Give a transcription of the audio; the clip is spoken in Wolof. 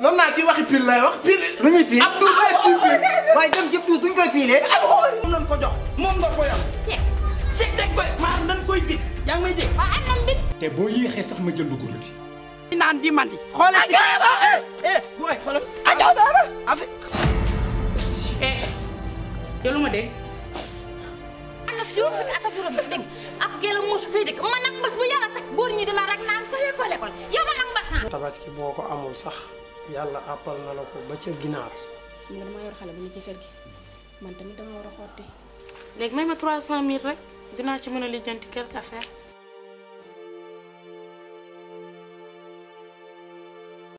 moom naa ci waxi pile lay wax pile. lu ñuy pile ab douche lay suñu pile. waaye dem jëm douche duñ koy pilee. moom lañ ko jox koy bit yaa ngi may dégg. waaw am na mbit. te boo yéexee sax ma jënd guro di naan di mandi. xoolal ci kii ah eh eh bu waay xoolal. ah juróom fukki at tabaski boo ko amul sax yàlla àppal na la ko ba ca ginaar. xam nga yor xale bu ci gi man tamit dama war a xotti. léegi may ma 300000 rek dinaa ci mën a lijjanti quelque affaire.